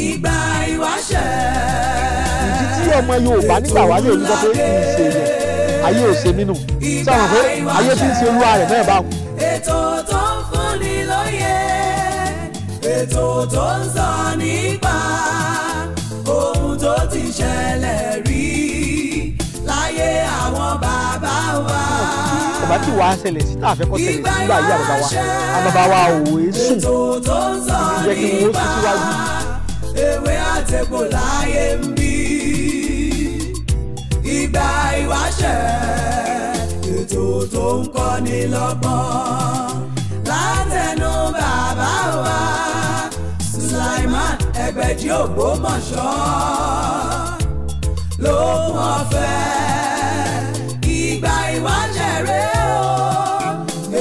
ìgbà ìwáṣẹ̀. ìdí tí ọmọ Yorùbá nígbà wálé òní sọ pé kì í ṣe yẹn ayé ò ṣe mí nù sọ̀rọ̀ pé ayé tí ń ṣe olúwa rẹ̀ náà bá wù. ètò tó ń fúnni lóye ètò tó ń sọ nípa ohun tó ti ṣẹlẹ̀ rí láyé àwọn bàbá wa bàbá tí wàá ṣẹlẹ̀ sí tààfẹ́ kọ́ ṣẹlẹ̀ sí nígbà yí àbàbà wa àbàbà wa òwe sùn ìjẹ́ kí wọ́n sùn síwájú àtẹ̀kù láyé ń bí ìgbà ìwáṣẹ̀ ètò tó ń kọ́ni lọ́gbọ́n látẹnu bàbá wa Sulaiman Ẹgbẹ̀jí Ògbómọ̀ṣọ́ ló mọ̀ fẹ́ ìgbà ìwáṣẹ̀ rẹ̀ o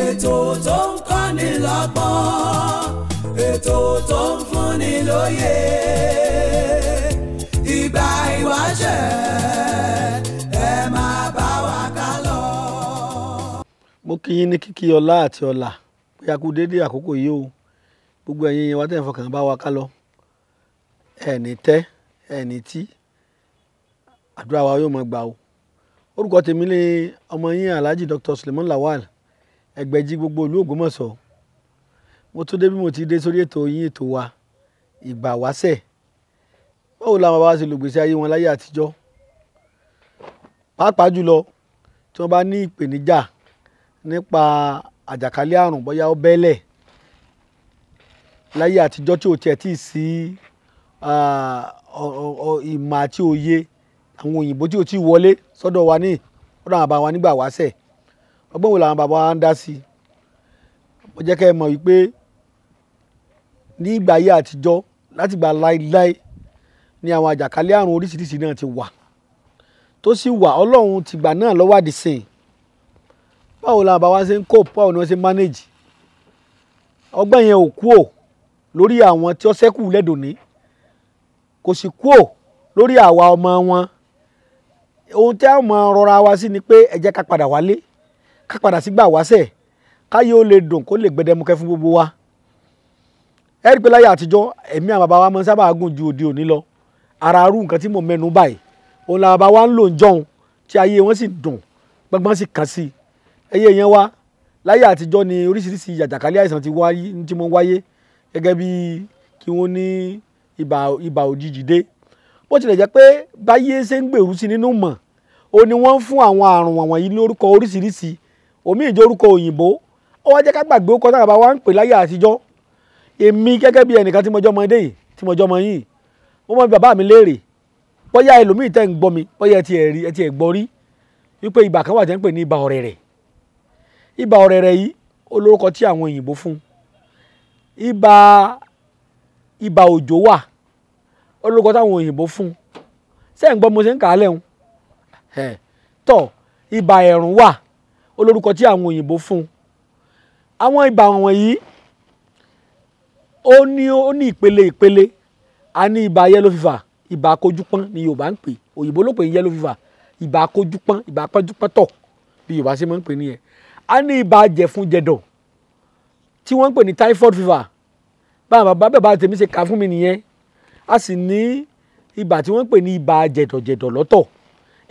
ètò tó ń kọ́ni lọ́gbọ́n ètò tó ń fúnni lóye ìgbà ìwáṣẹ̀ ẹ máa bá wa ká lọ. mo kí yín ní kíkí ọlá àti ọlà pé a kú déédé àkókò yìí o gbogbo ẹ̀yin yẹn wá tẹ̀ fọkàn bá wa ká lọ ẹni tẹ́ ẹni tí àdúrà wa yóò máa gbà o orúkọ tèmi lé ọmọ yín alhaji dr suleiman lawal ẹgbẹ̀jì gbogbo ìlú Ògbómọ̀ṣọ́ mo tún dé bí mo ti dé sórí ètò yín ètò wa ìgbà wáṣẹ̀ báwo làwọn bàbá ṣe lògbèsè ayé wọn láyé àtijọ́ pàápàá jùlọ tí wọ́n bá ní ìpèníjà nípa àjàkálẹ̀ àrùn bóyá ó bẹ́lẹ̀ láyé àtijọ́ tí ò tiẹ̀ tí ì sí ìmọ̀ àti òye àwọn òyìnbó tí ò tí ì wọlé sọ́dọ̀ wa ní ọ̀dọ̀ àwọn bàbá wa nígbà wáṣẹ̀ ọgbọ́n wo làwọn bàbá wa ń dá sí mo jẹ́ kẹ́ ẹ mọ̀ wípé ní ìgbà ayé àtijọ́ láti gbà láéláé ni àwọn àjàkálẹ̀ àrùn oríṣiríṣi náà ti wà tó sì wà ọlọ́run tìgbà náà ló wà di sìn báwo la bàbá ṣe ń cope báwo ni wọ́n ṣe ń manage ọgbọ́n yẹn ò kú ò lórí àwọn tí ó ṣẹ́kù lẹ́dọ̀ọ́ní kò sì kú ò lórí àwa ọmọ wọn ohun tí a máa rọra wa sí ni pé ẹ jẹ́ ká padà wálé ká padà sígbà wáṣẹ̀ káyé ó lè dùn kó lè gbẹdẹmukẹ fún gbogbo wa ẹ rí i pé láyé àtijọ́ ẹ̀mí àwọn bàbá máa ń sábà gùn ju òde òní lọ ara arú nǹkan tí mo mẹ́nu báyìí òun làwọn bá wa ń lò ń jọun tí ayé wọn sì dùn gbọ́ngbọ́n sì kàn sí ẹyẹ yẹn wá láyé àtijọ́ ni oríṣiríṣi àjàkálẹ̀ àìsàn tí mo ń wáyé gẹ́gẹ́ bí kí wọ́n ní ibà òjijì dé bó tilẹ̀ jẹ́ pé báyé ṣe ń gbèrú sí nínú mọ̀ ó ní wọ́n ń fún àwọn àrùn wọ̀nyí lórúkọ oríṣiríṣi omi ìjọ orúkọ òyìnbó ó wá jẹ́ ká gbàgbé ó kọ́ táwọn wá ń pè láyé àtijọ́ èmi gẹ́gẹ́ bí ẹnìkan tí mo jọ́ ọmọdé yìí tí mo jọ́ ọmọ yìí wọ́n mọ bàbá mi léèrè bóyá ẹlòmíì tẹ́ ń gbọ́ mi bóyá ẹ ti ẹ̀ rí ẹ ti ẹ̀ gbọ́ rí wípé ibà kan wà tẹ́ ń pè ní ibà ọ̀rẹ̀rẹ̀ ibà ọ̀rẹ̀rẹ̀ yìí olórúkọ tí àwọn òyìnbó fún ibà ibà òjò wà olórúkọ táwọn òyìnbó fún ṣé ń gbọ́ mo ṣe ń kà á lẹ́hùn tó ibà ẹ̀rùn wà olórúkọ tí àwọn òyìnbó fún àwọn ibà wọ̀nyí ó ní ó ní ìpele ìpele a ní ibà yellow fever ibà kojúpọ́n ni yorùbá ń pè òyìnbó ló pè ní yellow fever ibà kojúpọ́n ibà pọ́njúpọ́ntọ̀ bí yorùbá ṣe máa ń pè nìyẹn a ní ibà jẹ̀fun-jẹ̀dọ̀ tí wọ́n ń pè ní typhoid fever báwọn bàbá bàbá tèmi ṣe kà fún mi nìyẹn a sì ní ibà tí wọ́n ń pè ní ibà jẹ̀dọ̀jẹ̀dọ̀ lọ́tọ̀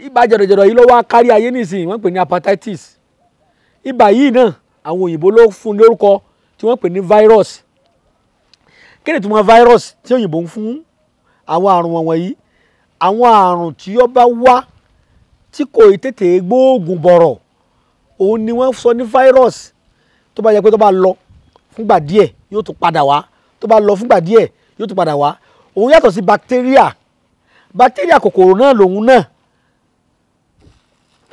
ibà jẹ̀dọ̀jẹ̀dọ̀ yìí ló wá kárí ayé nísìnyí wọ́n virus kí ni ìtumọ̀ virus tí òyìnbó ń fún àwọn àrùn wọn wọ̀nyí àwọn àrùn tí ó bá wá tí kò tètè gbóògùn bọ̀rọ̀ òun ni wọ́n sọ ní virus tó bá yẹ pé tó bá lọ fúngbà díẹ̀ yóò tún padà wá tó bá lọ fúngbà díẹ̀ yóò tún padà wá òun yàtọ̀ sí bacteria bacteria kòkòrò náà lòun náà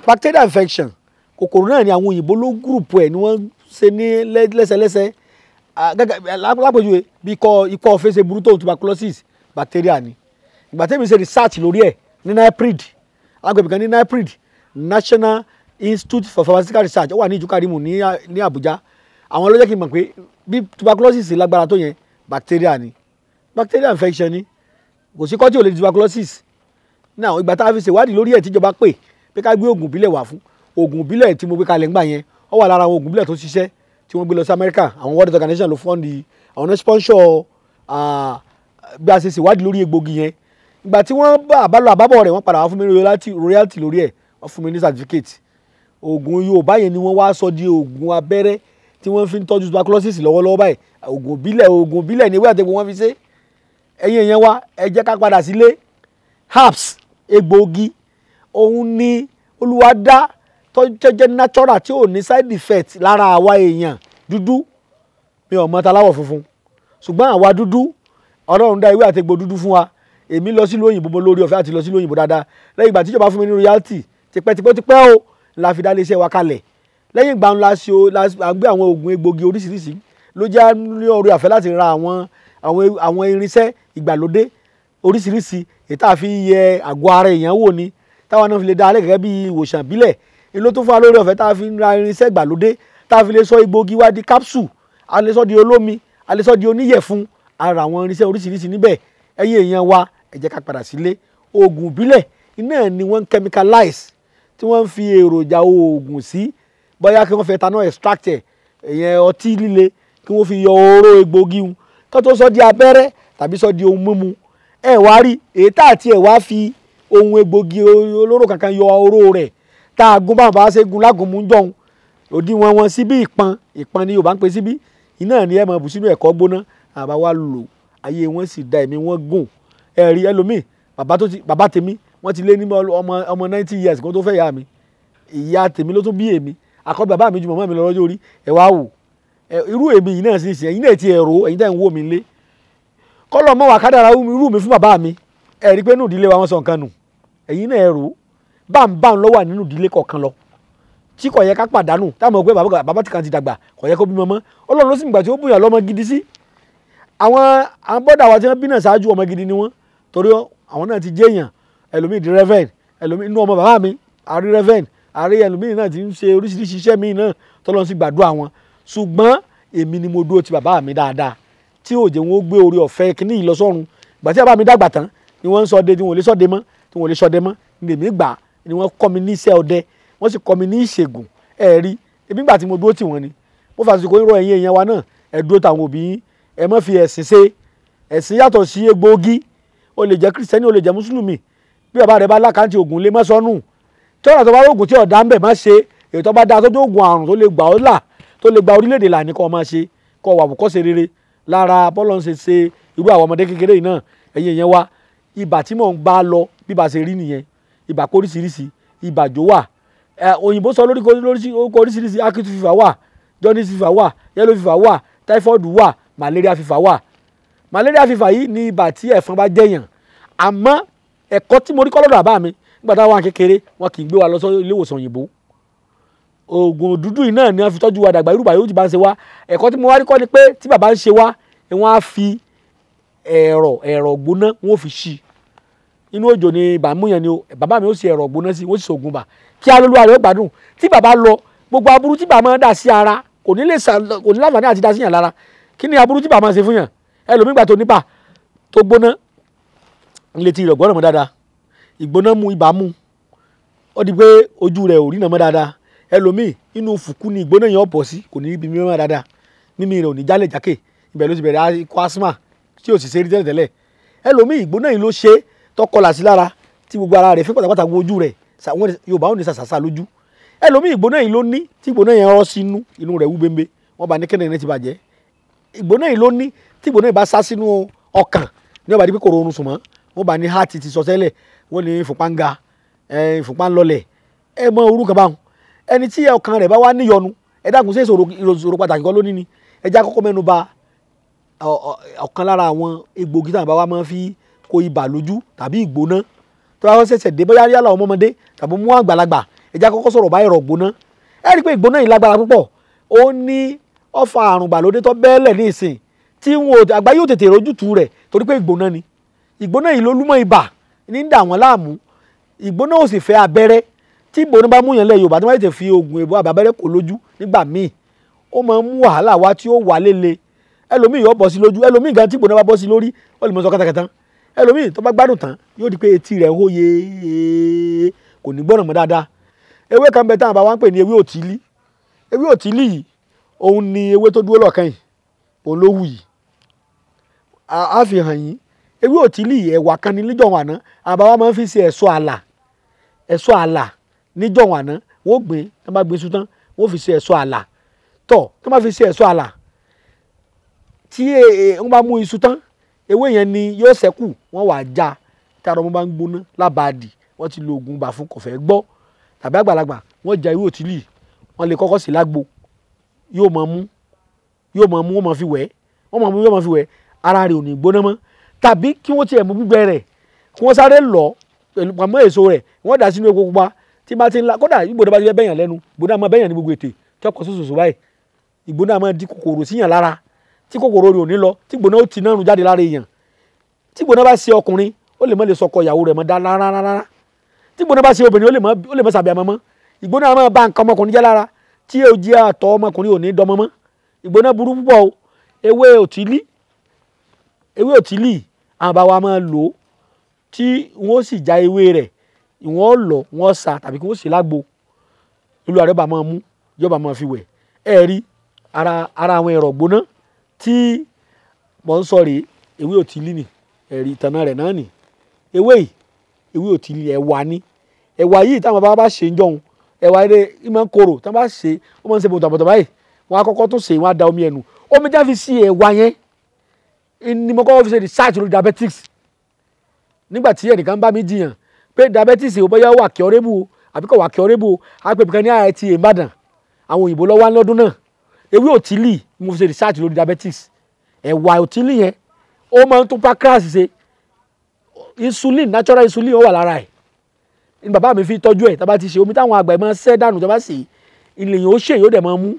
bacteria infection kòkòrò náà ni àwọn òyìnbó ló gúrùpù ẹ̀ ni wọ́n ṣe ní lẹ́sẹlẹ́sẹ. Le, Ah, lápèjúwe bí ikọ́ ikọ́ fèsè burú tó tuberculosis bacteria ni ìgbà tẹ́mi ṣe research lórí ẹ̀ ní NIPRID agbègbè kan ní NIPRID National Institute for Pharmaceutical Research ó wà ní ìjùkàrímù ní Àbújá àwọn ló jẹ́ kí mọ̀ pé bí tuberculosis lágbára tó yẹn bacteria ni bacteria infection ni kò sí kọ́tí ò lè di tuberculosis náà ìgbà tá a fi ṣèwádìí lórí ẹ̀ tíjọba pè pé ká gbé oògùn ìbílẹ̀ wà fún oògùn ìbílẹ̀ tí mo gbé kalẹ̀ ńgbà yẹn ó wà lára àwọn oògùn ìbílẹ̀ tó ṣiṣẹ́ tí wọ́n gbé lọ sí Amẹ́ríkà àwọn World Health Organization ló fọ́ǹdì àwọn náà sponsor bí a ṣe ṣèwádìí lórí egbògi yẹn ìgbà tí wọ́n bá àbálò àbábọ̀ rẹ̀ wọ́n padà wá fún mi royalty lórí ẹ̀ wọ́n fún mi ní certificate oògùn Yorùbá yẹn ni wọ́n wá sọ di oògùn abẹ́rẹ́ tí wọ́n fi ń tọ́jú tuberculosis lọ́wọ́lọ́wọ́ báyìí oògùn bílẹ̀ oògùn bílẹ̀ ni ewé àtẹ̀gbọ́n wọn fi ṣe ẹ̀yin èèyàn wa ẹ jẹ́ ká padà sílé herbs egbòogi òun ni Olúwa dá tó jẹ́ natural tí ò ní side effect lára àwa èèyàn dúdú mi ò mọ taláwọ̀ funfun ṣùgbọ́n àwa dúdú ọlọ́run dá ewé àtẹgbò dúdú fún wa èmi lọ sílùú òyìnbó mo lórí ọ̀fẹ́ àti lọ sílùú òyìnbó dáadáa lẹ́yìn ìgbà tíjọba fún mi ní royalty tipẹ́tipẹ́ o la fi dá iléeṣẹ́ wa kalẹ̀ lẹ́yìn ìgbà ńlá ṣe o la gbé àwọn oògùn egbògi oríṣiríṣi ló já ní orí ọ̀fẹ́ láti ra àwọn àwọn irinṣẹ́ ìgbàlódé oríṣiríṣi ètò àfi yẹ àgọ́ ara èèyàn wò ni táwọn náà fi lè dá alẹ́ gẹ́gẹ́ bí ìwòsàn bílẹ̀ ló tún fún wa lórí ọ̀fẹ́ tá a fi ra irinṣẹ́ ìgbàlódé tá a fi lè sọ egbògi wá di capsule a lè sọ di olómi a lè sọ di oníyẹ̀fun ara àwọn irinṣẹ́ oríṣiríṣi níbẹ̀ ẹ̀yin èèyàn wa ẹ ká padà sílé oògùn ìbílẹ̀ iná ni wọ́n chemicalize tí wọ́n fi èròjà oògùn sí bóyá kí wọ́n fẹ́ tanná extract ẹ̀ ìyẹn ọtí líle kí wọ́n fi yọ oró egbògi hun kí wọ́n tó sọ di abẹ́rẹ́ tàbí sọ di ohun mímu ẹ̀ wá rí èyí tá àti ẹ̀ wá fi ohun egbògi olóró kankan yọ oró rẹ̀ tá a gun báwọn bá ṣe gun lágùn mú jọ̀hún òdi wọn wọn síbí ìpọn ìpọn ni Yorùbá ń pe síbí iná ni ẹ mọ bù sínú ẹ̀kọ́ gbóná àbá wa lò ayé wọn sì da ẹ̀mí wọn gùn ẹ rí ẹlòmíì bàbá tó ti bàbá tèmi wọ́n ti lé ní ọmọ ọmọ ninety years kó tó fẹ́ yá mi ìyá tèmi ló tún bí èmi àkọ́bí bàbá mi ju màmá mi lọ lọ́jọ́ orí ẹ wá wò irú èmi yìí náà sì ṣe ẹ̀yin náà ti ẹ̀rọ ẹ̀yin tẹ̀ ń wò mí lé kọ́lọ̀ mọ́ wà kádàrà irú mi fún bàbá mi ẹ pé nù ìdílé wa wọ́n sọ nǹkan nù ẹ̀yin náà ẹ̀rọ báńbáń lọ́wọ́ nínú ìdílé kọ̀ọ̀kan lọ tí kò yẹ ká pàdánù táwọn ọgbẹ́ bàbá bàbá tí kan ti dàgbà kò yẹ kó bímọ mọ́ ọlọ́run ló sì gbà tí ó bùyàn lọ́mọ gidi sí àwọn àwọn bọ́dà wa tí wọ́n bí náà ṣáájú ọmọ gidi ni wọ́n torí àwọn náà ti jẹ́yàn ẹlòmíì di rẹ́fẹ̀n ẹlòmíì inú ọmọ bàbá mi àrí rẹ́fẹ̀n àrí ẹlòmíì náà ti ń ṣe oríṣiríṣi iṣẹ́ míì náà tọ́lọ́run sì gbàdúrà wọn ṣùgbọ́n èmi ni mo dúró ti bàbá mi dáadáa tí òjò wọn ó gbé orí ọ̀fẹ́ kínní ìlọsọ́run ìgbà tí bàbá mi dàgbà tán ni wọ́n ń sọdẹ tí wọn ò lè sọdẹ mọ́ tí wọn ò lè sọdẹ mọ́ ni èmi gbà ni wọ́n kọ́ mi ní iṣẹ́ ọdẹ wọ́n sì kọ́ mi ní ìṣègùn ẹ̀ rí ebi ńgbà tí mo dúró tì wọ́n ni mo fàṣìkò ń rọ ẹ̀yin èèyàn wa náà ẹ̀ dúró tàwọn òbí yín ẹ̀ mọ́ fi ẹ̀sìn ṣe ẹ̀sìn yàtọ̀ sí egbòogi o lè jẹ́ kírísítẹ́nì o lè jẹ́ mùsùlùmí bí bàbá rẹ bá lákàntì ògùn lè má sọnù tí ọ̀nà tó bá rògùn tí ọ̀dà ń bẹ̀ má ṣe èyí tó bá dáa tó tó àrùn tó lè gbà ó là tó lè gba orílẹ̀-èdè là ní kó máa ṣe kó wà bùkọ́sẹ̀ rere lára bọ́lọ̀ ń ṣe ṣe irú àwọn ọmọdé kékeré yìí náà ẹ̀yin ìyẹn wa ibà tí mò ń gbá lọ bí bá ṣe rí nìyẹn ibà kóríṣiríṣi ibàjò wà òyìnbó sọ lórí kóríṣiríṣi acute fever wà jaundice fever wà yellow fever wà typhoid wà malaria fever wà malaria fever yìí ni ibà tí ẹ̀fọn bá jẹ̀yàn àmọ́ ẹ̀kọ́ tí mo rí kọ́ lọ́dọ̀ àbá mi nígbà táwọn wà kékeré wọn kì í gbé wa lọ sọ ilé ìwòsàn òyìnbó oògùn dúdú yìí náà ni wọn fi tọ́jú wa dàgbà irú bàyó jù bá ń ṣe wá ẹ̀kọ́ tí mo wá rí kọ́ ni pé tí bàbá ń ṣe wá wọ́n á fi ẹ̀rọ ẹ̀rọ gbóná wọ́n fi ṣí i inú òjò ni bàmú yẹn ni o bàbá mi ó sì ẹ̀rọ gbóná sí wọ́n sì sògùn bà kí alólùwà rẹ̀ ó gbádùn tí bàbá lọ gbogbo aburú tí bàmá dà sí ara kò ní lè sà kò ní láǹfààní àti dà sí yàn lára kí ni aburú tí bàmá ṣe fún yàn ẹlòmígbà tó nípa tó gbóná ńlẹ̀ ti rẹ̀ gbọ́dọ̀ mọ́ dáadáa ìgbóná mu ibà ó di pé ojú rẹ̀ ò ríran mọ́ dáadáa ẹlòmíì inú fùkú ni ìgbóná yẹn ọ̀pọ̀ sí kò ní ibi mímọ́ dáadáa mímí rẹ̀ ò tọkọlà sí lára tí gbogbo ara rẹ̀ fẹ́ pátápátá gbogbo ojú rẹ̀ yorùbá ò ní sàṣàṣà lójú ẹlòmíì ìgbóná yìí ló ní tí ìgbóná yẹn rọ́ sínú inú rẹ̀ wú bembe wọ́n bá ní kẹ́nìyàn ní ti bàjẹ́ ìgbóná yìí ló ní tí ìgbóná yìí bá sá sínú ọkàn ní ọ̀bàdí pé kò ronú sùn mọ́ wọ́n bá ní heart ti sọ tẹ́lẹ̀ ní ìfúnpá ń ga ìfúnpá ń lọlẹ̀ ẹ mọ orú báwọn ẹni tí ọkàn rẹ̀ bá wá níyọnu ẹ dákun sí ìṣòro pàtàkì kan lónìí ni ẹ já kọ́kọ́ mẹ́nu bà ọ̀kan lára àwọn egbògi táwọn bá wá máa fi kó ibà lójú tàbí ìgbóná tó bá wọ́n ṣẹ̀ṣẹ̀ dé bóyá yálà ọmọdé tàbí mú àgbàlagbà ẹja kọ́kọ́ sọ̀rọ̀ báyìí rọ̀ gbóná ẹ rí i pé ìgbóná yìí lágbára púpọ̀ ó ní ọfà àrùn gbàlódé tó bẹ́ẹ̀lẹ̀ ní ìsìn tí wọn àgbáyé ò tètè rójútu rẹ̀ torí pé ìgbóná ni ìgbóná yìí ló lúmọ̀ ibà ní dà wọ́n láàmú ìgbóná ò sì fẹ́ abẹ́rẹ́ tí ìgbóná bá múyàn lẹ̀ yorùbá tí wọ́n ti fi oògùn èbó àbábẹ́rẹ́ kò lójú nígbà míì ó máa ń mú wàhálà wá tí ó wà lélẹ̀ ẹlòmíì yóò bọ́ sí lójú ẹlòmíì gan tí ìgbóná bá bọ́ sí lórí ó lè mọ sọ kátàkátà ẹlòmíì tó bá gbádùn tán yóò di pé etí rẹ̀ hó yee kò ní gbọ́ràn mọ́ dáadáa ewé kan bẹ táwọn bá wá ń pè ní ewé òtílí ewé òtílí yìí òun ni ewé tó dúró lọ́ọ̀kan yìí òun ló wù yìí a fi hàn yín ewé òtílí yìí ẹ̀wà kan ní níjọ̀wọ̀n àná àbá máa ń fi ṣe ẹ̀ṣọ́ àlà ẹ̀ṣọ́ àlà níjọ̀wọ̀n àná wọ́n gbìn tó bá gbìn sútán wọ́n fi ṣe ẹ̀ṣọ́ àlà tọ̀ tó bá fi ṣe ẹ̀ṣọ́ àlà tí eh, eh, wọ́n bá mú iṣu tán ewé yẹn ni yóò ṣẹ́kù wọ́n wàá já tí ara ọmọ bá ń gbóná lábàádì wọ́n ti lo oògùn bà fún kọ̀fẹ́ gbọ́ tàbí àgbàlagbà wọ́n já ewé òtílì wọ́n lè kọ́kọ́ sí lágbo yóò máa mú yóò máa mú wọ́n máa fi wẹ̀ wọ́n máa mú yóò máa fi wẹ̀ ara rẹ̀ ò ní gbóná mọ́ tàbí kí wọ́n tiẹ̀ mú gbígbẹ rẹ̀ kí wọ́n sáré lọ pẹ̀lú pàmò èso rẹ̀ wọ́n dà sínú epo pupa tí bá ti ń la kódà ìgbóná bá ti fẹ́ bẹ́yàn lẹ́nu ìgbóná máa bẹ́yàn ní gbogbo ètè tí ọkọ̀ sòsòsò báyìí ìgbóná máa di kòkòrò síyàn lára tí kòkòrò rẹ̀ ò ní lọ tí gbóná ó ti náà rùn jáde lára èèyàn tí gbóná bá ṣe ọkùnrin ó lè má lè sọkọ ìyàwó rẹ̀ mọ́ dá rárá tí gbóná bá ṣe obìnrin ó lè má sàbẹ̀ àmọ́ mọ́ ìgbóná á máa ba nǹkan ọmọkùnrin jẹ́ lára tí ó jẹ́ àtọ̀ ọmọkùnrin ò ní dọmọ mọ́ ìgbóná burú púpọ̀ o ewé òtílì ewé òtílì àwọn bàbá wa máa lò ó tí wọ́n sì já ewé rẹ̀ wọ́n lọ̀ wọ́n sa tàbí kí wọ́n sì lágbo olúwa rẹ̀ bá máa mú yọba máa fi wẹ̀ ẹ̀ẹ́rí ara ara àwọn ẹ̀rọ̀ gbóná tí mò ń sọ rèé ewé òtílì nì ẹ̀rí ìtànà rẹ̀ náà nì ewé yìí ewé òtílì ẹ̀wà ni ẹ̀wà yìí táwọn bàbá bá ṣe ń jọun ẹ̀wà ilé ìmọ̀ ń korò táwọn bá ṣe ó máa ń ṣe bòtàbòtà báyìí wọ́n á kọ́kọ́ tún ṣe wọ́n á da omi ẹnu omi já fi sí ẹ̀wà yẹn ni mo kọ́kọ́ fi ṣe research lórí diabetics nígbà tí ẹnìkan bá mi jiyàn pé diabetics ò bóyá wà kí ọrẹ́bù àbíkọ̀ wà kí ọrẹ́bù àpèpìkan ní àìtì Ìbàdàn àwọn òyìnbó lọ́wọ́ lọ́dún náà ewé òtílì mo ṣe research lórí diabetes ẹ̀wà òtílì yẹn ó máa ń tún pancreas ṣe insulin natural insulin ó wà lára ẹ̀ ni bàbá mi fi tọ́jú ẹ̀ tábà ti ṣe omi táwọn àgbà ẹ̀ máa ń ṣẹ́ dànù tábà sì ilẹ̀ yìí ó ṣe yóò dẹ̀ máa mú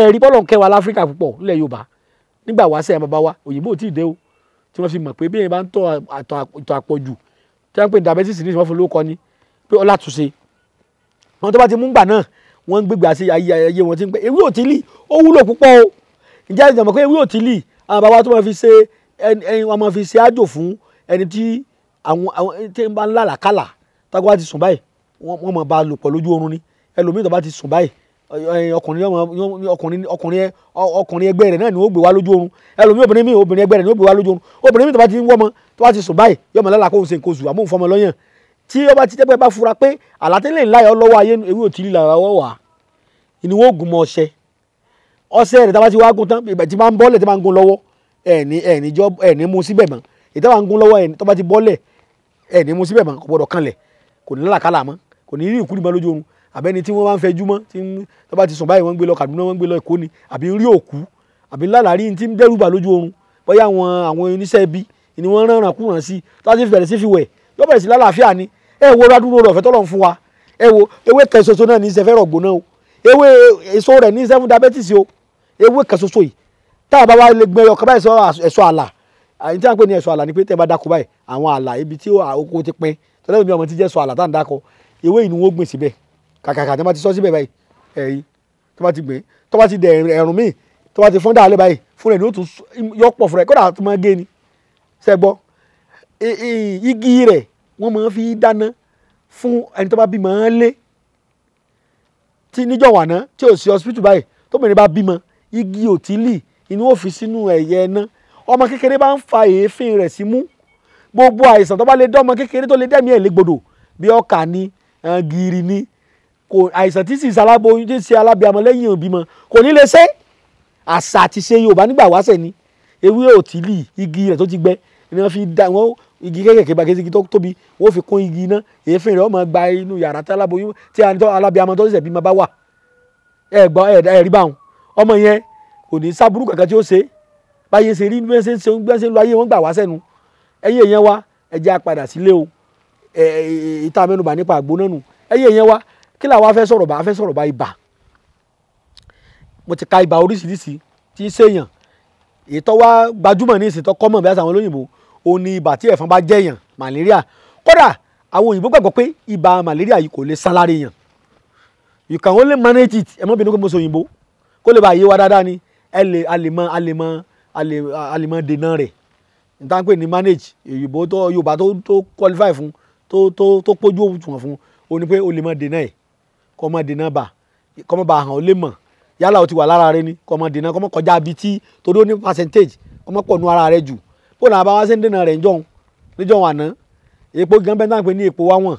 ẹ̀rí bọ́lọ̀ ń kẹwàá láfíríkà púpọ̀ nílẹ̀ yorùbá nígbà wáṣẹ́ bàbá wa òyìnbó ò tí ì dé o tí wọ́n fi mọ̀ pé bí èèyàn bá ń tọ́ ìtọ̀ àpọ̀jù tí wọ́n pè ní diabetes ní ìsìnkú fún lóko ni pé ọlá túnṣe àwọn tó bá ti mú gbà náà wọ́n ń gbégbé àṣẹ ayé ayé wọn ti ń pẹ́ ewé òtílì ó wúlò púpọ̀ o ìjà ìjàmọ̀ pé ewé òtílì àwọn bàbá tó máa fi ṣe ẹni wọn máa fi ṣe àjò fún ẹni tí àwọn àwọn tí ń bá ń làlàkàlà tágbó bá ti sùn báyìí wọ́n máa bá a lò pọ̀ lójú oorun ni ẹlòmíì tó bá ti sùn báyìí ọkùnrin ọkùnrin ọkùnrin ẹgbẹ́ rẹ̀ náà ni ó gbé wá lójú oorun ẹlòmíì obìnrin mi obìnrin ẹgbẹ́ rẹ̀ ni ó gbé wá lójú oorun obìnrin mi tó bá ti ń wọ́mọ tó bá ti sùn báyìí yọmọ lálàkó òun ṣe nǹkan oṣù àmóhùn lọ́yàn tí ọba ti jẹ́ pé bá fura pé àlátẹ́lẹ̀ ńlá yọ lọ́wọ́ ayé ewé òtí líla ọwọ́ wà ni wọ́n gùn mọ́ ọṣẹ ọṣẹ rẹ̀ tábà ti wá gún tán ìgbà tí máa ń bọ́lẹ̀ tí máa ń gún lọ́wọ́ ẹ̀ẹ̀ni ẹ̀ẹ̀ni jọ ẹ̀ẹ̀ni mú síbẹ̀ mọ́ ìta máa ń gún lọ́wọ́ ẹ̀ẹ̀ni tọ́ba ti bọ́lẹ̀ ẹ̀ẹ̀ni mú síbẹ̀ mọ́ kò gbọ́dọ̀ kanlẹ̀ kò ní làkàlà mọ́ kò ní rí ìkúrì mọ́ lójú oorun àbẹ́ni tí wọ́n máa ń fẹjú mọ́ tí tọ́ba ti sùn báyìí wọ́n ń gbé lọ Kaduna wọ́n ń gbé lọ Èkó àbí rí òkú àbí lálàrí tí ń dẹ́rùbà lójú oorun bóyá àwọn oníṣẹ́ ibi ni wọ́n rán ràn kúràn sí tọ́ba ti fẹ̀rẹ̀ sí fi wẹ̀ yóò bẹ̀rẹ̀ sí lálàáfíà ni ẹ wo rádúró rẹ̀ ọ̀fẹ́ tọ́lọ̀ ń fún wa ẹ wo ewé kan ṣoṣo náà ní í ṣe fẹ́ràn ògbóná o ewé èso rẹ̀ ní í ṣe fún diabetes o ewé kan ṣoṣo yìí tá a bá wá lè gbẹ́yọ̀ kọ́ báyìí sọ ẹ̀ṣọ́ àlà àyìn tí a ń pè ní ẹ̀ṣọ́ àlà ni pé tẹ́ bá dáko báyìí àwọn àlà ibi tí oko ti pin tọ́lẹ́bí ọmọ ti jẹ́ sọ àlà tá à ń dáko ewé yìí ni wọ́n gbìn síbẹ̀ kàkàkà tí wọ́n ti sọ síbẹ̀ báyìí ẹ̀yìn tí wọ́n ti gbìn tí wọ́n ti dẹ̀ ẹ̀rùn míì tí wọ́n ti fọ́n dàálẹ̀ báyìí fún rẹ̀ ni ó tún yọ pọ̀ fún rẹ̀ kódà tó máa gé ni ṣẹ́gbọ́ Eh, eh, igi rẹ̀ wọ́n máa fi dáná fún ẹni tó bá bímọ ń lé tí níjọ́ wàná tí ò sí hospital báyìí tóbìnrin bá bímọ igi òtílì inú ó fi sínú ẹ̀yẹ iná ọmọ kékeré bá ń fa èéfín rẹ̀ sí mú gbogbo àìsàn tó bá lè dọ́mọ kékeré tó lè dẹ́mi ẹ̀ légbodò bí ọkà ni gìrì ni kò àìsàn tí sì ṣaláboyún tí sì alábìàmọ lẹ́yìn òbímọ kò ní lè ṣe àṣà àti ṣe Yorùbá nígbà wáṣẹ̀ ni ewé òtílì igi rẹ̀ tó ti gbẹ ni wọ́n fi da wọ́n igi kékèké bá kékeré tó tóbi wọ́n fi kún igi iná èéfín rẹ̀ ó máa gba inú yàrá tí aláboyún tí alábìàmọ́ tó ṣẹ̀ṣẹ̀ bímọ bá wà ẹ gbọ́ ẹ rí báwọn ọmọ yẹn kò ní sábúrú kankan tí ó ṣe báyé ṣe rí bí wọ́n ṣe ń gbẹ́sẹ̀ lu ayé wọn gbà wá sẹ́nu ẹyẹ yẹn wá ẹjẹ́ apadà sílé o ìta mẹ́nubà nípa àgbo náà nù ẹyẹ yẹn wá kí làwọn afẹ́ sọ̀rọ̀ bá afẹ́ sọ̀rọ̀ bá ibà mo ti ka òun ni ibà tí ẹ̀fọn bá jẹ̀yàn malaria kódà àwọn òyìnbó gbàgbọ́ pé ibà malaria yìí kò lè sálárì yàn you can only manage it ẹ mọ́ bínú pé mo sọ òyìnbó kó lè bá yé wa dáadáa ni ẹ lè a lè mọ a lè mọ a lè mọ dènà rẹ̀ níta pé ní manage òyìnbó tó yorùbá tó tó qualify fún tó tó tó pójú òtún fún o ní pé o lè mọ dènà ẹ̀ kọ́ mọ dènà bà kọ́ mọ bà hàn ó lè mọ̀ yálà o ti wà lára rẹ ni kọ́ mọ dènà kọ́ mọ kọjá bíi torí ó ní percentage kọ́ mọ pọ̀ nu ara rẹ jù ó làwọn àbáwá ṣe ń dènà rẹ̀ níjọ́ níjọ́ wọn àná epo gan bẹ́ẹ̀ náà pé ní epo wá wọ̀n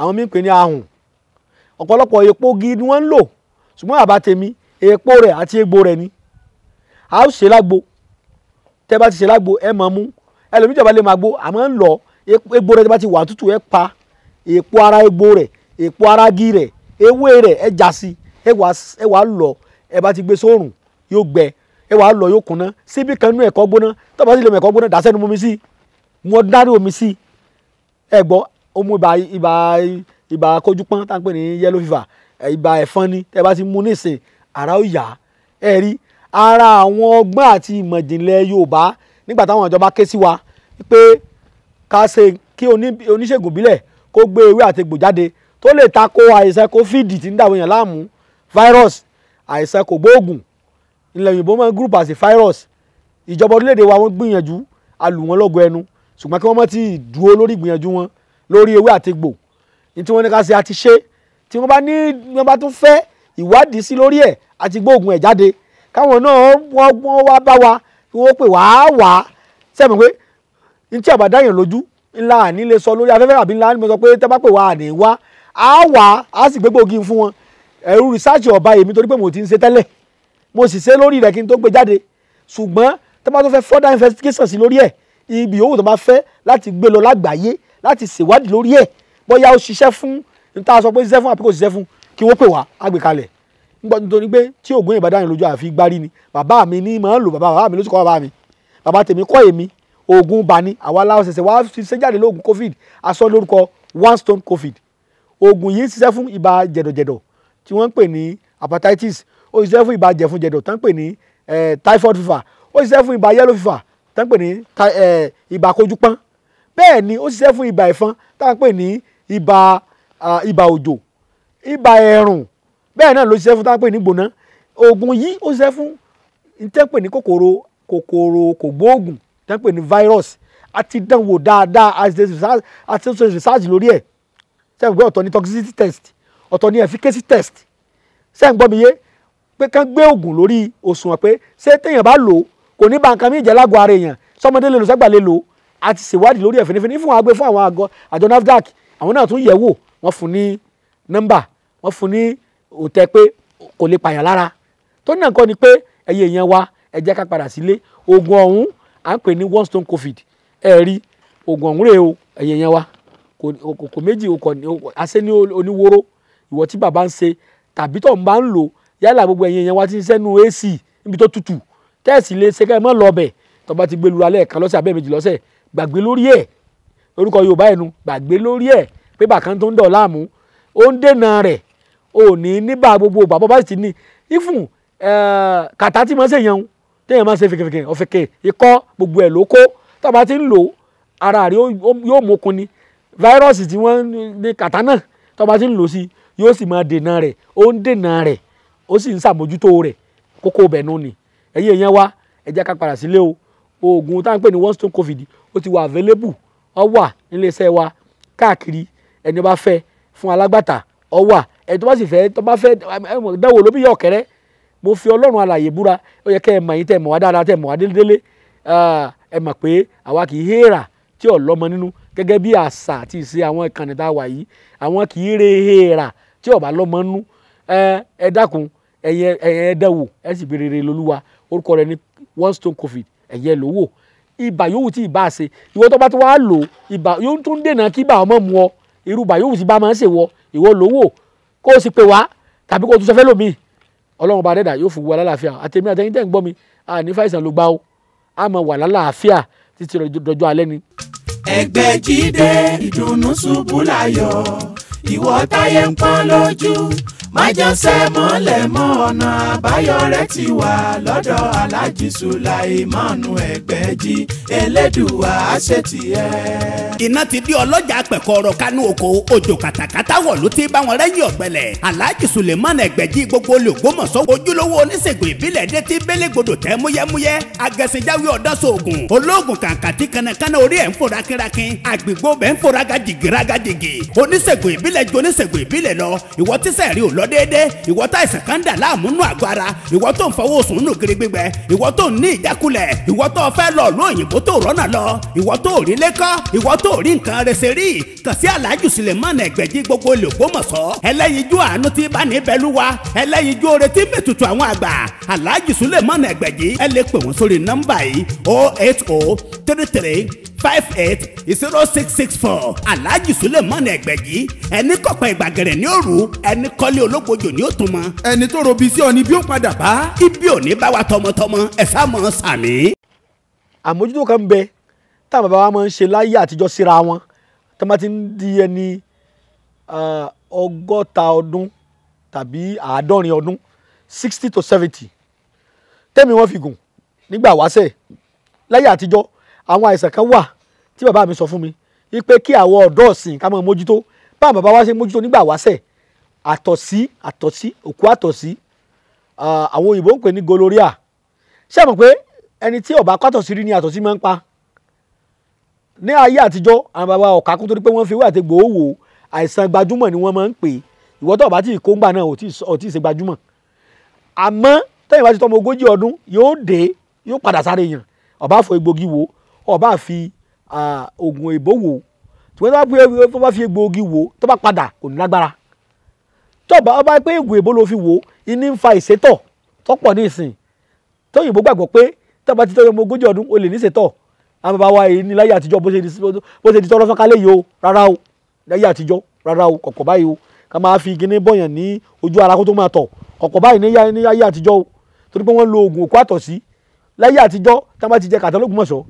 àwọn míì pè ní ahùn ọ̀pọ̀lọpọ̀ epo gi ni wọ́n ń lò ṣùgbọ́n àbá tèmi epo rẹ̀ àti egbò rẹ̀ ni a ó ṣe lágbo tẹ́ bá ti ṣe lágbo ẹ máa mú ẹlòmíjọba lè máa gbó àmọ́ ń lọ egbò rẹ̀ tẹ́ bá ti wà tútù ẹ pa èpo ara egbò rẹ̀ èpo ara gi rẹ̀ ewé rẹ̀ ẹ já sí ẹ wàá lọ ẹ bá ti gbé sóòrùn yóò gbẹ ẹ wàá lọ yóò kùnà síbi kan nínú ẹ̀kọ́ gbóná tó bá sì lè mọ ẹ̀kọ́ gbóná dà sẹ́nu omi sí i wọ́n omi sí ẹ gbọ́ ó mú ibà ibà ibà kojú tá à pè ní yellow fever ibà ẹ̀fọn ni tẹ́ bá ti mú nísìn ara ó yá ẹ rí ara àwọn ọgbọ́n àti ìmọ̀jìnlẹ̀ Yorùbá nígbà táwọn ìjọba ké sí wa pé ká ṣe kí oníṣègùn ìbílẹ̀ kó gbé ewé àtegbò jáde tó lè tako àìsàn kófíìdì tí ń dàwọn èèyàn láàmú virus àìsàn kò gbóògùn ilẹ̀ òyìnbó máa ń group as a virus ìjọba orílẹ̀-èdè wa wọ́n gbìyànjú alù wọn lọ́gọ ẹnu ṣùgbọ́n kí wọ́n mọ̀ tí ì dúró lórí ìgbìyànjú wọn lórí ewé àtegbò ní tí wọ́n ní ká ṣe àti ṣe tí wọ́n bá ní wọ́n bá tún fẹ́ ìwádìí sí lórí ẹ̀ àti gbóògùn ẹ̀ jáde káwọn náà wọ́n wọ́n wá bá wa kí wọ́n pè wá wá sẹ́mi pé ní tí àbádáyàn lójú ńlá àní lè sọ lórí afẹ́fẹ́ àbí ńlá mo sọ pé tẹ́ bá pè wá àní wá á wá á sì gbégbógi fún wọn ẹ̀rù rìsáàcì ọ̀ba èmi torí pé mo ti ń ṣe tẹ́lẹ̀ mo sì ṣe lórí rẹ̀ kí n tó gbé jáde ṣùgbọ́n tó bá tó fẹ́ further investigation sí lórí ẹ̀ ibi yòówù tó bá fẹ́ láti gbé lọ lágbàáyé láti ṣèwádìí lórí ẹ̀ bóyá ó ṣiṣẹ́ fún níta sọ pé ṣiṣẹ́ fún àbí kò ṣiṣẹ́ fún kí wọ́n pè wá àgbékalẹ̀ nítorí pé tí ògùn ìbàdàn yìí lójú àfi gbárí ni bàbá mi ní màá lò bàbá bàbá mi ló ti kọ́ bàbá mi bàbá tèmi kọ́ èmi oògùn bani àwa aláwọ̀ ṣẹ̀ṣẹ̀ wá ṣiṣẹ́ jáde lóògùn covid aṣọ lórúkọ one stone covid oògùn yìí ń ṣiṣẹ́ fún ibà jẹ̀dọ̀jẹ̀dọ̀ tí wọ́n ń pè ní hepatitis ó ṣiṣẹ́ fún ibà jẹ̀fun-jẹ̀dọ̀ tán pè ní typhoid fever ó ṣiṣẹ́ fún ibà yellow fever tán pè ní ibà kojúpọ́n bẹ́ẹ̀ ni ó ṣiṣẹ́ fún ibà ẹ̀fọn tá à ń pè ní ibà ibà òjò ibà ẹ̀rùn bẹ́ẹ̀ náà ló ṣiṣẹ́ fún tá à ń pè ní gbóná oògùn yìí ó ṣiṣẹ́ fún tán pè ní kòkòrò kòkòrò kògbóògùn tán pè ní virus àti dánwò dáadáa àti ṣe research lórí ẹ̀ sẹ́yìn gbé ọ̀tọ̀ ní toxicity test ọ̀tọ̀ ní efficacy test sẹ́yìn gbọ́ mi yé pé kán gbé oògùn lórí òṣùwọ̀n pé ṣé téèyàn bá lò kò ní ba nǹkan mí jẹ́ lágọ̀ọ́ ara èèyàn sọmọdé lè lò sàgbà lè lò àti ṣèwádìí lórí ẹ̀ fínífíní fún wa gbé fún àwọn àgọ́ àjọ NAFDAC àwọn náà tún yẹ̀ wò wọ́n fún ní nọ́mbà wọ́n fún ní òtẹ́ pé kò lè pààyàn lára tó náà kọ́ ni pé ẹ̀yẹ èèyàn wa ẹ jẹ́ ká padà sílé oògùn ọ̀hún à ń pè ní one stone covid ẹ rí oògùn ọ̀hún rèé o ẹ̀yẹ èèyàn wa kò méjì o kò ní asé ní oníwóró ìwọ tí bàbá ń ṣe tàbí tó ń bá ń lò yálà gbogbo ẹ̀yin èèyàn wa ti ń sẹ́nu ac níbi tó tutù tẹ́ẹ̀sì lè ṣe kẹ́ẹ̀ mọ́ lọ ọbẹ̀ tó bá ti gbé lura lẹ́ẹ̀kan lọ́sẹ̀ abẹ́ méjì lọ́sẹ̀ gbàgbé lórí ẹ̀ orúkọ yorùbá ẹnu gbàgbé lórí ẹ̀ pé bàkan tó ń dọ̀ láàmú ó ń dènà rẹ̀ ò ní níbà gbogbo bàbá bá sì ti ní ifun eh, kàtá tí mo ṣe yan téèyàn máa ṣe fèkèfèkè ọ̀fẹ̀kẹ̀ ikọ́ gbogbo ẹ̀ ló kó tó bá ti ń lò ara rẹ̀ yóò mókun ni fáírọ́ọ̀sì tí wọ́n ní kàtá náà tó bá ti ń lò sí yóò sì máa dènà rẹ̀ ó ń dènà rẹ̀ ó sì ń ṣàmójútó rẹ̀ kókó ibẹ̀ nù ni ẹ̀yin èèyàn wa ẹ ká padà sílé o oògùn tá à ń pè ní one stone covid ó ti wà available ó wà nílé wa káàkiri ẹni bá fẹ́ fún alágbàtà ó wà ẹni tó bá sì fẹ́ tó bá fẹ́ dáwọ́ ló bí yọ ọ̀kẹ́rẹ́ mo fi ọlọ́run alàyè búra ó yẹ kẹ́ ẹ mọ̀ yín tẹ́ ẹ mọ̀ wá dáadáa tẹ́ ẹ mọ̀ wá délédélé ẹ mọ̀ pé àwa kì í héèrà tí ò lọ́mọ nínú gẹ́gẹ́ bí àṣà àti ìṣe àwọn ìkànnì tá a wà yìí àwọn kì í re héèrà tí ò bá lọ́mọ nínú ẹ ẹ dákun ẹyẹ ẹyẹ ẹdẹ wò ẹ sì béèrè rere lolúwa orúkọ rẹ ni one stone covid ẹyẹ ló wò ibà yòówù tí ibà ṣe ìwọ tó bá ti wá lò ibà yóò tún dènà kí ibà ọmọ mu ọ irú ibà yòówù tí ibà máa ń ṣe wọ ìwọ ló kó o sì pè wá tàbí kó o tún sọ fẹ́ lòmíì ọlọ́run bá dẹ́dà yóò fún wa lálàáfíà àtẹ̀mí àtẹ̀yìn tẹ̀ ń gbọ́ mi àní fàìsàn ló gbá o a máa wà lálàáfíà títí dọjọ́ alẹ́ ni. ẹgbẹ́ jíde ìdùnnú ṣubú láyọ̀ ìwọ táyé ń pọ́n lójú májànsẹ́ mọ́lẹ̀ mọ́ ọ̀nà àbáyọ rẹ̀ ti wà lọ́dọ̀ aláàjì sùláìmánu ẹgbẹ́jì elédùwà àṣetì ẹ̀. iná ti di ọlọ́jà pẹ̀kọ́rọ̀ kánú oko òjò kàtàkàtà wọ̀ ló ti bá wọn rẹ́yìn ọ̀gbẹ́lẹ̀ aláàjì sùláìmánu ẹgbẹ́jì gbogbo olùgbòmọ̀sọ́ ojúlówó oníṣègùn ìbílẹ̀ dé ti bẹ́lẹ́gbọdọ̀ tẹ́ múyẹ́múyẹ́ agẹsẹ̀jáwé ọ̀dọ́sọ̀ọ̀gùn olóògùn kàǹkàtì kanakana orí ẹ̀ ń fò rákínrakín àgbègbè ọbẹ̀ ń fò rágàjìgì rágàjìgì oníṣègùn ìbílẹ̀ ju oníṣègùn ìbílẹ̀ lọ ìwọ tíṣẹ̀ rí ò lọ lọ déédéé ìwọ táìsàn kan dà láàmú nù àgọ́ ara ìwọ tó ń fọwọ́ sùn nù kiri gbígbẹ ìwọ tó ń ní ìjákulẹ̀ ìwọ tó fẹ́ lọ ló òyìnbó tó rọ́nà lọ ìwọ tó rí lẹ́kọ́ ìwọ tó rí nǹkan rẹsẹ̀ rí kàn sí aláàjù Suleman Ẹgbẹ̀jì gbogbo l'Ògbómọ̀ṣọ́ ẹlẹ́yinjú àánú tí bá ní bẹ́lúwa ẹlẹ́yinjú oore tí mẹ́tutù àwọn àgbà aláàjù Suleman Ẹgbẹ̀jì ẹ lè pè wọ́n sórí nọ́mbà yìí 08033 five eight zero six six four alhaji suleiman ẹgbẹ̀jì ẹni kọ̀pẹ́ ìgbàgẹ̀rẹ̀ ní òru ẹni kọ́lé olókojò ní òtún mọ́. ẹni tó robi sí ọ ni bí ó padà bá. ibi ò ní bá wa tọmọtọmọ ẹ sá mọ sàmì. àmójútó kan bẹ táwọn bàbá wa máa ń ṣe láyé àtijọ́ síra wọn tó bá ti ń di ẹni ọgọ́ta ọdún tàbí àádọ́rin ọdún sixty to seventy tẹ́mi wọ́n fi gùn nígbà wáṣẹ̀ láyé àtijọ́ àwọn àìsàn kan wà tí bàbá mi sọ fún mi wípé kí àwọn ọ̀dọ́ ọ̀sìn ká máa mójútó báwọn bàbá wa ṣe mójútó nígbà wáṣẹ̀ àtọ̀sí àtọ̀sí òkú àtọ̀sí àwọn òyìnbó ń pè ní gonorrhea ṣé àmọ̀ pé ẹni tí ọ̀bá pàtọ̀sí rí ni àtọ̀sí máa ń pa ní ayé àtijọ́ àwọn bàbá ọ̀ka kó torí pé wọ́n fi wíwà àti gbòówò àìsàn gbajúmọ̀ ni wọ́n máa ń pè é ìwọ tó ọ̀bá tí ìkóńgbà náà ò tí ì ṣe gbajúmọ̀ àmọ́ tẹ́yìn bá ti tọ́ ọmọ ogójì ọdún yóò dé yóò padà sáré fọ egbògi wo ọba fi oògùn èbó wò tùwọ́n tó bá fi egbòogi wò tó bá padà kò ní lágbára tó bá pé egbò èbó ló fi wò iní ń fa ìsétọ̀ tó pọ̀ ní ìsìn tóyìnbó gbàgbọ́ pé tó bá ti tọ́jú ọmọ ogójì ọdún o lè ní ìsétọ̀ àwọn bàbá wa yìí ní láyé àtijọ́ bó ṣe di tọ́rọ́ sọ́kálẹ̀ yìí o rárá o láyé àtijọ́ rárá o kọ̀kọ̀ báyìí o ká máa fi igi ní bọ̀yàn ní ojú ara kó tó máa tọ̀ kọ̀kọ̀ báyìí ní láyé àtijọ́ o torí pé wọ́n lo oògùn òkú àtọ̀sí láyé àtijọ́ tá a bá ti jẹ kàtàlógún mọ̀ṣọ́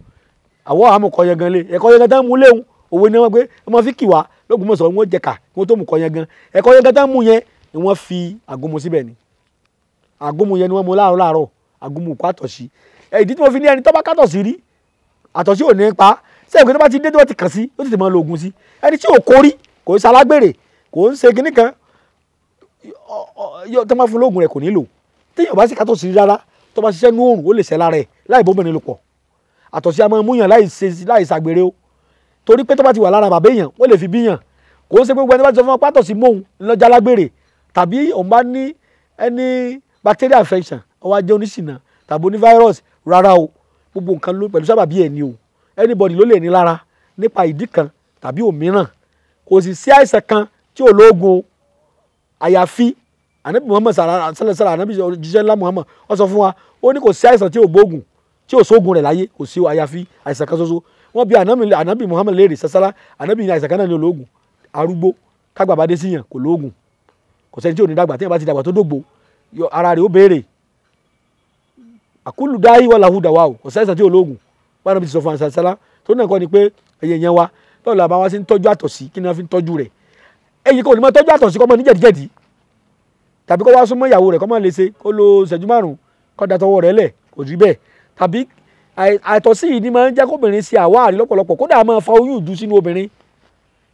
àwọ̀ àmọ̀ kọ́ yẹn gan lé ẹ̀kọ́ yẹn gan tán mú léwu òwe ni wọ́n gbé wọ́n fi kì wá lÓgbómọ̀ṣọ́ wọ́n jẹ ká wọ́n tó mú kọ́ yẹn gan ẹ̀kọ́ yẹn gan tán mú yẹn ni wọ́n fi àgómọ síbẹ̀ ni àgómọ yẹn ni wọ́n mú láàárọ̀ láàárọ̀ àgómọ òkú àtọ̀sí ìdí tí mo fi ní ẹni tó bá kátọ̀sí rí àtọ̀sí ò ní pa sẹ́yìn pé tó bá ti dé tó bá ti kàn sí ó tètè máa lo oògùn sí ẹni tí ò kórí kò ń ṣalágbèrè kò ń ṣe kinní kan tó máa fún sì kátọ̀sí rárá àtọ̀sí a máa múyàn láì ṣàgbèrè o torí pé tó bá ti wà lára bàbá èèyàn wọ́n lè fi bíyàn kò ń ṣe pé gbogbo ẹni bá ti sọ fún wọn pátọ̀sí mòun lọ́jà lágbèrè tàbí òun bá ní ẹni bacteria infection ó wá oníṣìnà tàbí oní virus rárá o gbogbo nǹkan ló pẹ̀lú sábàbí ẹ̀ o anybody ló lè ní lára nípa ìdí kan tàbí òmíràn kò sì sí àìsàn kan tí ò lóògùn o àyàfi anabi muhammad sallallahu alaihi wa sallam anabi jíṣẹ́ ńlá muhammad ó sọ fún wa ó ní kò sí àìsàn tí ò gbóògùn tí ò sóògùn rẹ̀ láyé kò sí àyàfi àìsàn kan ṣoṣo wọ́n bi anabi muhammed léèrè sasala anabi ní àìsàn kan náà ní olóògùn arúgbó kágbà bá dé sí yàn kò lóògùn kò sẹ́ni tí ò ní dàgbà tí yàn bá ti dàgbà tó dògbò ara rẹ̀ ó béèrè àkúlù dáyé wọ́n làwùdà wa o kò sẹ́sàn tí ò lóògùn báwọn bí ti sọ fún àṣàṣàlá tó náà kọ́ ni pé ẹ̀yẹ̀ yẹn wa báwo la bá wá sí ń tọ́jú àtọ̀sí kí ni wọ́n fi ń tọ́jú rẹ̀ ẹ̀yìn kò ní máa tọ́jú àtọ̀sí kọ́ mọ́ ní tàbí kó wá súnmọ́ ìyàwó rẹ̀ kọ́ mọ́ lè ṣe kó lo ṣẹ́jú márùn-ún kó da tọwọ́ rẹ̀ lẹ̀ kò rí bẹ́ẹ̀ tàbí àìtọ́sí yìí ni máa ń jẹ́ kóbìnrin ṣe àwárí lọ́pọ̀lọpọ̀ kódà máa fa oyún ìdú sínú obìnrin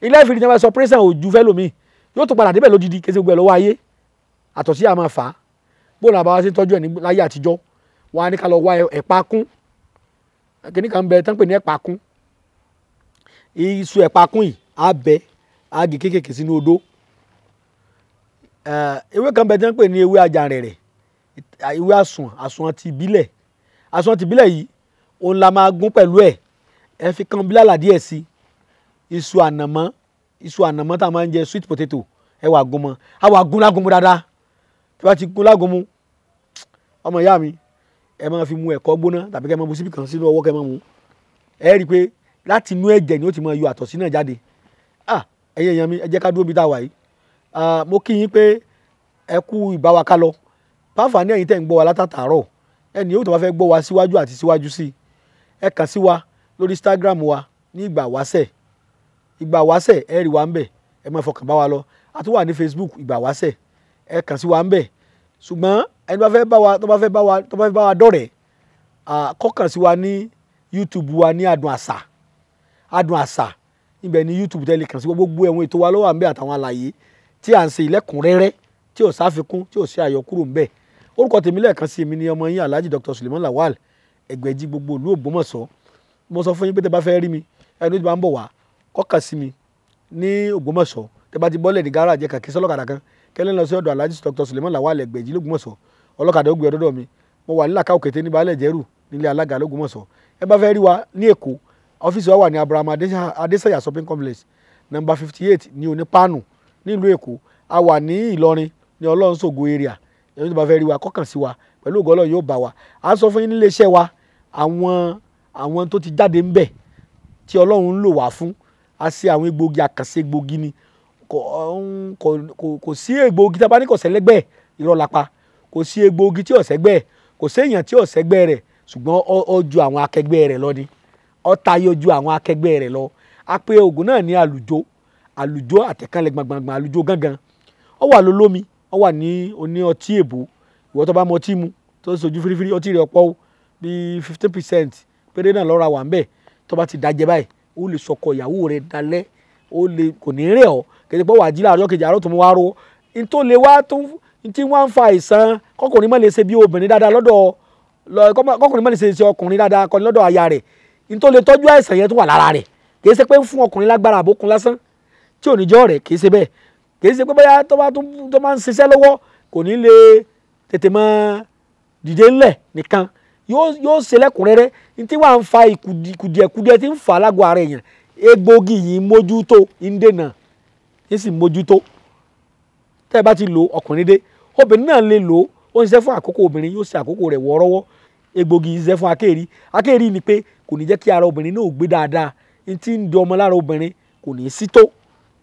ilé ìfìdí náà sọ pírẹ́sàn òjú fẹ́ lómi yóò tún padà débẹ̀ lódìdí kése gbogbo ẹ̀ lọ́wọ́ ayé àtọ̀sí àmọ́ fà á bó làbá wá sí tọ́jú ẹ̀ láyé àtijọ́ wọn á ní ká lọ wá ẹ̀pà kún kíní kan bẹ tán pè ní ẹ̀pà kún iṣu ẹ̀pà kún yìí á bẹ á gé kéékèèké sínú odó ewé kan bẹ tán pè ní ewé ajàrẹ̀rẹ̀ ewé àsùn àsùn ti bílẹ̀ aṣọ tìbílẹ̀ yìí òun la máa gún pẹ̀lú ẹ̀ ẹ fi kan bílàlà díẹ̀ sí iṣu ànàmọ́ iṣu ànàmọ́ tá a máa ń jẹ sweet potato ẹ wà gún mọ́ a wà gún lágún mu dáadáa tí wàá ti gún lágún mu ọmọ ìyá mi ẹ máa fi mu ẹ̀kọ́ gbóná tàbí kẹ́ ẹ máa bu síbì kan sínú ọwọ́ kẹ́ ẹ máa mu ẹ rí i pé láti inú ẹ̀jẹ̀ ni ó ti máa yọ àtọ̀sí náà jáde ah ẹ̀yin èèyàn mi ẹ jẹ́ ká dúró bí tá a wà yìí mo kí yín pé ẹ kú ìbáwa lọ pàfà ní ẹ̀yin tẹ̀ ń gbọ́ wa látàtàárọ̀ ẹni yóò tó bá fẹ́ gbọ́ wa síwájú àti síwájú sí ẹ kàn sí wa lórí Instagram wa ní ìgbà wáṣẹ̀ ìgbà wáṣẹ̀ ẹ rí wa ń bẹ̀ ẹ máa fọkàn bá wa lọ a tún wà ní Facebook ìgbà wáṣẹ̀ ẹ kàn sí wa ń bẹ̀ ṣùgbọ́n ẹni bá fẹ́ bá wa tó bá fẹ́ bá wa tó bá fẹ́ bá wa dọ̀rẹ́ kọ́kàn sí wa ní YouTube wa ní Adùn Àṣà Adùn Àṣà ibẹ̀ ní YouTube tẹ́lẹ̀ kàn sí gbogbo ẹ̀wọ̀n ètò wa ló wà ń bẹ̀ àtàwọn àlàyé tí à ń ṣe ìlẹ́kùnrẹ́rẹ́ tí ò sáfikún tí ò sí àyọkúrò ń bẹ̀ orúkọ tèmi lẹ́ẹ̀kan sí èmi ni ọmọ yín alhaji dr suleiman lawal ẹgbẹ̀jì gbogbo ìlú ògbómọ̀ṣọ́ mo sọ fún yín pé tẹ bá fẹ́ rí mi ẹni tó ti bá ń bọ̀ wá kọ́kà sí mi ní ògbómọ̀ṣọ́ tẹ bá ti bọ́lẹ̀ ní gáràjì ẹ̀ka kí sọ́lọ́kadà kan kẹ́lẹ́ lọ sí ọ̀dọ̀ alhaji dr suleiman lawal ẹgbẹ̀jì lógbómọ̀ṣọ́ ọlọ́kadà ó gbé ọdọ́dọ̀ mi mo wà nílàkà òkété ní balẹ̀ jẹ́rù nílé alága lógbómọ̀ṣọ́ ẹ wa ní èkó ọ́fíìsì wa wà ní abraham shopping complex number fifty eight ní onípáànù nílùú èkó a wà ní ìlọrin ní ẹni tó bá fẹ́ rí wa kọ́kàn sí wa pẹ̀lú ògo Ọlọ́run yóò bá wa à ń sọ fún yín nílé iṣẹ́ wa àwọn àwọn tó ti jáde ń bẹ tí Ọlọ́run ń lò wá fún a ṣe àwọn egbògi àkànṣe egbògi ni kò um, sí egbògi tá a bá ní kò sẹ́lẹ́gbẹ́ ìrọ̀lápá kò sí egbògi tí ọ̀sẹ́gbẹ́ kò séèyàn tí ọ̀sẹ́gbẹ́ rẹ̀ ṣùgbọ́n ó ju àwọn akẹgbẹ́ rẹ̀ lọ ni ó tayọ ju àwọn akẹgbẹ́ rẹ̀ lọ a pe oògùn náà ní àlùjó àlùjó àtẹ̀kánlẹ̀ gbàngbàngbà àlùjó gángan ó wà lólómi wọ́n wà ní oní ọtí èbó ìwọ tó bá mọ ọtí mu tó sojú firifiri ọtí rẹ̀ pọ̀ bí fifteen percent péré náà lọ́ra wà ń bẹ̀ tó bá ti dájẹ́ báyìí ó lè sọkọ ìyàwó rẹ̀ dalẹ̀ ó lè kò ní rẹ̀ ọ́ kẹ̀tẹ̀ pọ̀ wà á jí láàárọ̀ kejì àárọ̀ tó mú wá ró n tó lè wá tó n tí wọ́n ń fa àìsàn kọkùnrin má lè ṣe bí obìnrin dáadáa lọ́dọ̀ kọkùnrin má lè ṣe ọkùnrin dáadáa kọ́ni lọ́dọ̀ aya rẹ̀ n tó lè tọ́jú àìsàn yẹn tó wà lára rẹ̀ kì í ṣe pé ń fún ọkùnrin lágbára àbókun lásán tí ò ní jọ́ rẹ̀ kì í ṣe bẹ́ẹ̀ kì í ṣe pé bóyá tó bá tó máa ń ṣiṣẹ́ lọ́wọ́ kò ní lè tètè mọ dìde ńlẹ̀ nìkan yóò ṣe lẹ́kùnrẹ́rẹ́ tí wàá ń fa ìkùdìẹ̀kùdìẹ̀ tí ń fà lágọ̀ ara èèyàn egbògi yìí ẹ ti lo ọkùnrin dé obìnrin náà lè lò ó ń ṣiṣẹ́ fún àkókò obìnrin yóò ṣe àkókò rẹ̀ wọ́ọ́rọ́wọ́ egbògi yìí ṣiṣẹ́ fún akéèrí akéèrí ni ara obìnrin náà gbé dáadáa ní ń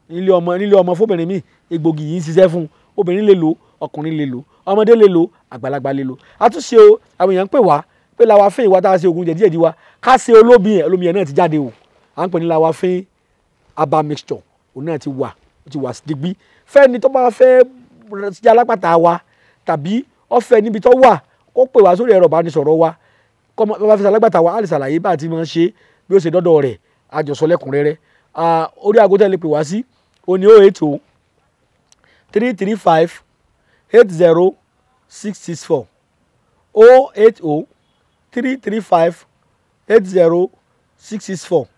nílé ọmọ nílé ọmọ fóbìnrin míì egbògi yìí ń ṣiṣẹ́ fún obìnrin lè lò ọkùnrin lè lò ọmọdé lè lò àgbàlagbà lè lò àtúnṣe o àwọn èèyàn ń pè wá pé lawafin ìwà tá a ṣe oògùn jẹ̀díjẹ̀dí wa ká ṣe olómi ẹ̀ olómi ẹ̀ náà ti jáde o à ń pè ní lawafin aba mixture òun náà ti wà ti wà digbí fẹ́ni tó bá fẹ́ jẹ́ alápàtà wa tàbí ọ̀fẹ́ níbi tó wà kó pè wá sórí ẹ̀rọ ìbánisọ̀rọ̀ wa kọ́ bá fẹ́ ṣe alágbàtà wa á bá a ti máa ṣe bí ó ṣe dọ́dọ̀ rẹ̀ àjọsọ orí aago tẹ̀lé pè wá sí oh o ní 080 335 80664 080 335 80664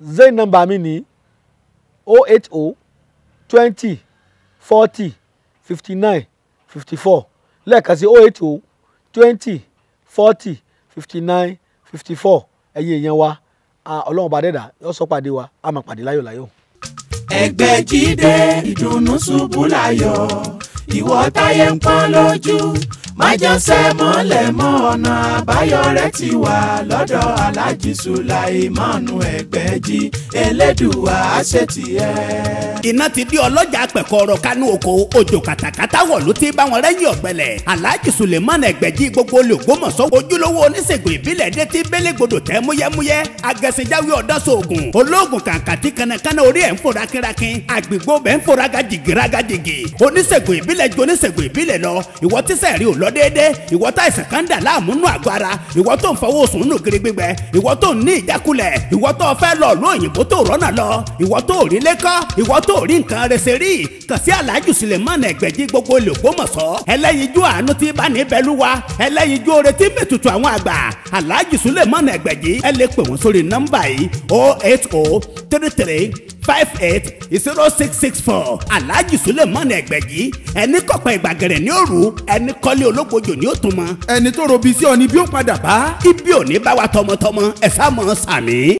zen nọ́mbà mi ní 080 20 40 59 54 lẹ́ẹ̀kan sí 080 20 40 59 54 ẹ̀yin èèyàn wa ọlọ́run bá dẹ́dà yọ sọ pàdé wa a máa pàdé láyọ̀ láyọ̀. ẹgbẹ́ jíde ìdùnnú ṣubú láyọ̀ ìwọ táyé ń pọ́n lójú májẹsẹ̀ mọ́lẹ̀ mọ́ ọ̀nà àbáyọ rẹ̀ ti wà lọ́dọ̀ aláàjì sùláìmánu ẹgbẹ́jì elédùwà àṣetìẹ́. iná ti di ọlọ́jà pẹ̀kọ́rọ̀ kánú oko òjò kàtàkàtà wọ̀ ló ti bá wọn rẹ́yìn ọ̀gbẹ́lẹ̀ aláàjì sùláìmánu ẹgbẹ́jì gbogbo olùgbòmọ̀sọ́ ojúlówó oníṣègùn ìbílẹ̀ dé ti bélégbodò tẹ́ múyẹ́múyẹ́ agẹ̀sìnjáwé ọ̀dọ́sọ̀ọ̀gùn olóògùn kàǹkàtì kanakana orí ẹ̀ ń fò rákínrákín àgbègbè bẹ́ẹ̀ ń fò rágàjìgì rágàjìgì oníṣègùn ìbílẹ̀ ju oníṣègùn ìbílẹ̀ lọ ìwọ tíṣẹ̀ rí ò lọ déédéé ìwọ tá ìsàn kan dà láàmú nù àgọ́ ara ìwọ tó ń fọwọ́ sùn nù gírí gbígbẹ ìwọ tó ń ní ìjákulẹ̀ ìwọ tó fẹ́ lọ ló òyìnbó tó rọ́nà lọ ìwọ tó rí lẹ́kọ́ ìwọ tó rí nǹkan rẹsẹ̀ rí kàn sí aláàjù Sulemana Ẹgbẹ̀jì gbogbo l'Ògbómọ̀ṣọ́ ẹlẹ́yinjú àánú tí bá ní bẹ́lúwa ẹlẹ́yinjú oore tí mẹ́tutù àwọn àgbà aláàjù Sulemana Ẹgbẹ̀jì ẹ lè pè wọ́n sórí nọ́mbà yìí oh eight oh three three five eight zero six six four aláàjù Sulemana Ẹgbẹ̀jì ẹni kọ̀pẹ́ ìgbàgẹ̀rẹ̀ ní òru ẹni kọ́lé olókojò ni ó tún mọ. ẹni tó robi sí ọ ni bí ó padà bá. ibi ò ní bá wa tọmọtọmọ ẹ sá mọ sàmì.